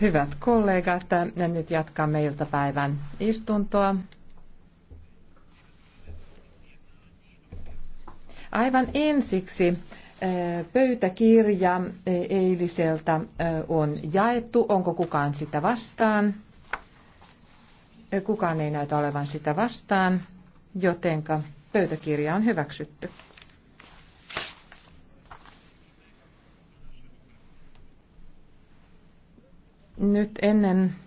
Hyvät kollegat, nyt jatkamme iltapäivän istuntoa. Aivan ensiksi eh, pöytäkirja eh, eiliseltä eh, on jaettu. Onko kukaan sitä vastaan? Kukaan ei näytä olevan sitä vastaan, jotenka pöytäkirja on hyväksytty. Nyt ennen